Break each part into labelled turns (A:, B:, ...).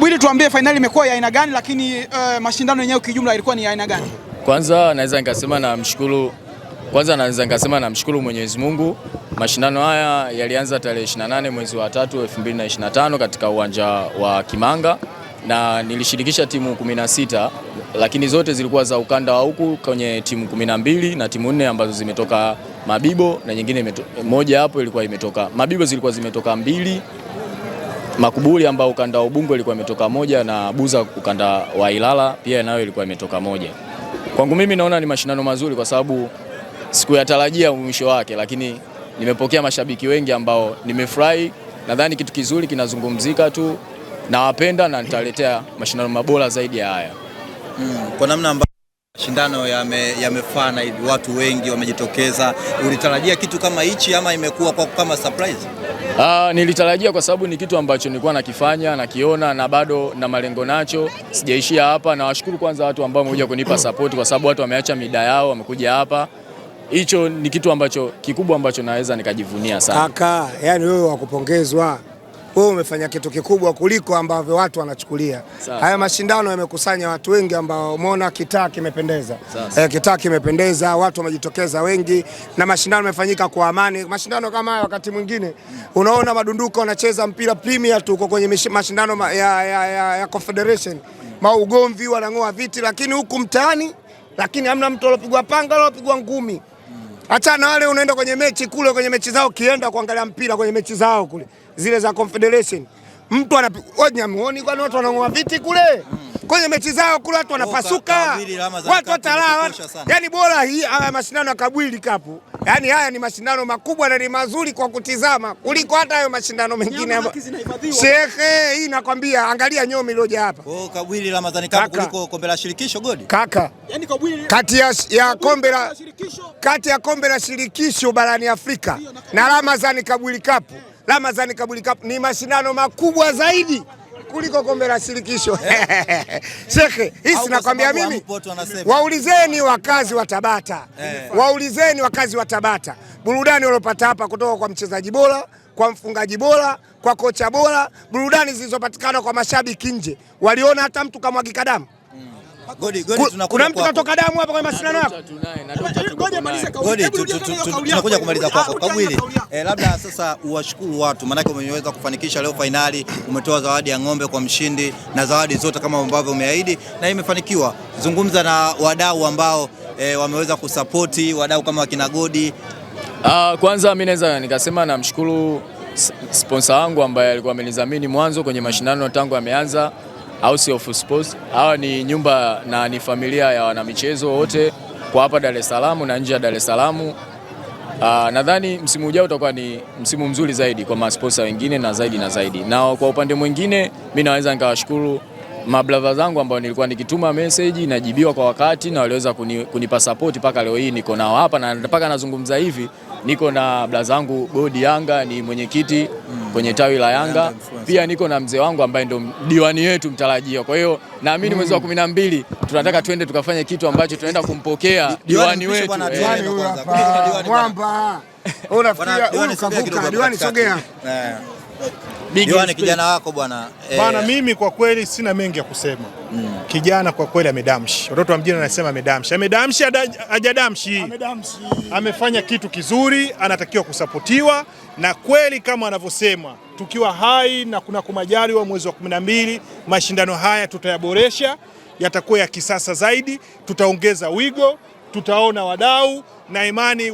A: Bwili, tuambie fainali imekuwa ya aina gani, lakini uh, mashindano yenyewe kijumla ilikuwa ni ya aina gani?
B: Kwanza naweza nikasema namshukuru, kwanza naweza nikasema namshukuru Mwenyezi Mungu. Mashindano haya yalianza tarehe 28 mwezi wa 3 2025 katika uwanja wa Kimanga na nilishirikisha timu 16 lakini zote zilikuwa za ukanda wa huku kwenye timu 12 na timu nne ambazo zimetoka Mabibo na nyingine moja hapo ilikuwa imetoka Mabibo, zilikuwa zimetoka mbili Makuburi ambao ukanda wa Ubungo ilikuwa imetoka moja na Buza ukanda wa Ilala pia nayo ilikuwa imetoka moja. Kwangu mimi naona ni mashindano mazuri kwa sababu sikuyatarajia mwisho wake, lakini nimepokea mashabiki wengi ambao nimefurahi. Nadhani kitu kizuri kinazungumzika tu, nawapenda na nitaletea mashindano mabora zaidi ya haya
C: mm, Kwa namna ambayo mashindano yamefana hivi, watu wengi wamejitokeza, ulitarajia kitu kama hichi ama imekuwa kwa kama surprise?
B: Uh, nilitarajia kwa sababu ni kitu ambacho nilikuwa nakifanya nakiona na bado na malengo nacho, sijaishia hapa. Nawashukuru kwanza watu ambao wamekuja kunipa support, kwa sababu watu wameacha mida yao wamekuja hapa. Hicho ni kitu ambacho kikubwa ambacho naweza nikajivunia sana
D: kaka, yani wewe wakupongezwa wewe umefanya kitu kikubwa kuliko ambavyo watu wanachukulia. Haya mashindano yamekusanya watu wengi ambao umeona kitaa kimependeza. E, kitaa kimependeza, watu wamejitokeza wengi na mashindano yamefanyika kwa amani. Mashindano kama haya wakati mwingine unaona madunduko wanacheza mpira premier tu uko kwenye mashindano ya, ya, ya, ya, ya Confederation maugomvi wanang'oa viti, lakini huku mtaani, lakini hamna mtu aliopigwa panga alopigwa ngumi. Achana wale unaenda kwenye mechi kule kwenye mechi zao kienda kuangalia mpira kwenye mechi zao kule. Zile za Confederation. Mtu anapiga, wewe nyamuoni kwani watu wanaong'oa viti kule? kwenye mechi zao kule watu wanapasuka, watu watalala. Yani bora hii haya mashindano ya Kabwili Kapu, yani haya ni mashindano makubwa na ni mazuri kwa kutizama kuliko hata hayo mashindano mengine. shehe hii nakwambia, angalia nyomi ilioja hapa oh, kaka, kati ya kombe la shirikisho barani Afrika na Ramadhani Kabwili Kapu, Ramadhani Kabwili Cup ni mashindano makubwa zaidi kuliko kombe la shirikisho eh. shekhe. hii nakwambia mimi, waulizeni wakazi wa Tabata, eh. waulizeni wakazi wa Tabata burudani waliopata hapa kutoka kwa mchezaji bora, kwa mfungaji bora, kwa kocha bora, burudani zilizopatikana kwa mashabiki nje. Waliona hata mtu kamwagika damu? kuna mtu katoka damu hapa kwenye mashindano yako.
C: Tunakuja kumaliza kwako Kabwili. Eh, labda sasa uwashukuru watu maanake umeweza kufanikisha leo fainali, umetoa zawadi ya ng'ombe kwa mshindi na zawadi zote kama ambavyo umeahidi na imefanikiwa. Zungumza na wadau ambao eh, wameweza kusapoti wadau kama wakina Godi.
B: Uh, kwanza mimi naweza nikasema namshukuru sponsa wangu ambaye alikuwa amenidhamini mwanzo kwenye mashindano tangu ameanza House of Sports. Hawa ni nyumba na ni familia ya wanamichezo wote kwa hapa Dar es Salaam na nje ya Dar es Salaam. Ah, nadhani msimu ujao utakuwa ni msimu mzuri zaidi kwa masponsa wengine na zaidi na zaidi, na kwa upande mwingine mimi naweza nikawashukuru mablava zangu ambao nilikuwa nikituma message najibiwa kwa wakati na waliweza kuni, kunipa support mpaka leo hii niko nao hapa na mpaka nazungumza hivi niko na braza zangu Godi Yanga ni mwenyekiti mm. kwenye tawi la Yanga Yanda, pia niko na mzee wangu ambaye ndo diwani yetu mtarajio. Kwa hiyo naamini mm. mwezi wa mm. kumi na mbili tunataka twende tukafanye kitu ambacho tunaenda kumpokea diwani wetu
D: eh. Mwamba. Unafikiria diwani, sogea
C: Yohane, kijana wako bwana
E: eh. bwana Mimi kwa kweli sina mengi ya kusema mm. Kijana kwa kweli amedamshi, watoto wa mjini wanasema amedamshi, amedamshi hajadamshi, amefanya kitu kizuri, anatakiwa kusapotiwa na kweli kama anavyosema, tukiwa hai na kuna wa mwezi wa kumi na mbili mashindano haya tutayaboresha, yatakuwa ya kisasa zaidi, tutaongeza wigo, tutaona wadau na imani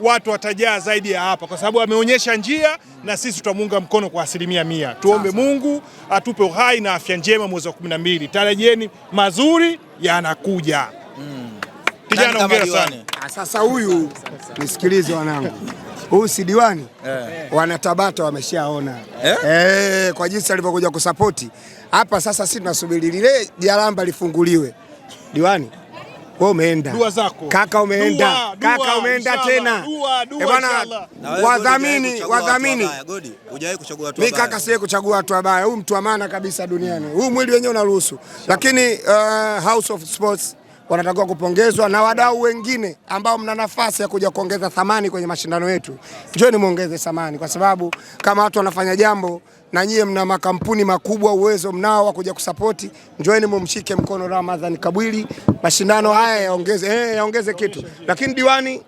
E: watu watajaa zaidi ya hapa, kwa sababu ameonyesha njia na sisi tutamuunga mkono kwa asilimia mia. Tuombe Mungu atupe uhai na afya njema mwezi wa 12. tarajieni mazuri yanakuja. Hmm. Kijana, hongera sana.
D: Ah, sasa huyu nisikilize, wanangu huyu si diwani yeah. Wanatabata wameshaona yeah. E, eh, kwa jinsi alivyokuja kusapoti hapa. Sasa sisi tunasubiri lile jaramba lifunguliwe, diwani wewe umeenda dua zako kaka, umeenda kaka umeenda tena eh, bwana. Wadhamini wadhamini, mimi kaka siwe kuchagua watu wabaya. Huyu mtu wa maana kabisa duniani, huu mwili wenyewe unaruhusu, lakini uh, House of Sports wanatakiwa kupongezwa na wadau wengine ambao mna nafasi ya kuja kuongeza thamani kwenye mashindano yetu. ni muongeze thamani, kwa sababu kama watu wanafanya jambo na nyie mna makampuni makubwa, uwezo mnao wa kuja kusapoti. Njoeni mumshike mkono Ramadhani Kabwili, mashindano haya yaongeze eh, yaongeze kitu, lakini diwani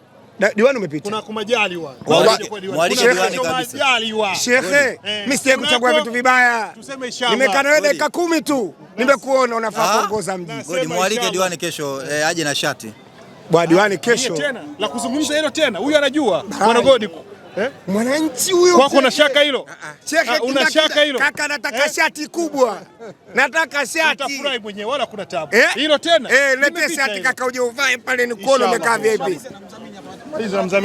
D: diwani umepita.
E: Kuna kumajali Mwalimu
D: diwani kabisa. Shekhe, eh. mimi sije kuchagua vitu vibaya. Tuseme shamba. Nimekana wewe dakika kumi tu, nimekuona unafaa kuongoza mji.
C: Ngoja Mwalike diwani kesho eh, aje na shati
D: bwana. Diwani ah, kesho Tena
E: la kuzungumza hilo tena, huyu anajua bwana Godi
D: Eh? Mwananchi huyo
E: kwako na shaka hilo?
D: Ah, ah. Una shaka hilo? Kaka nataka eh? shati kubwa. Nataka shati. Utafurahi
E: mwenyewe wala kuna tabu.
D: Hilo tena. Eh, lete shati kaka uje uvae pale nikuone umekaa vipi. Please, I'm Zami.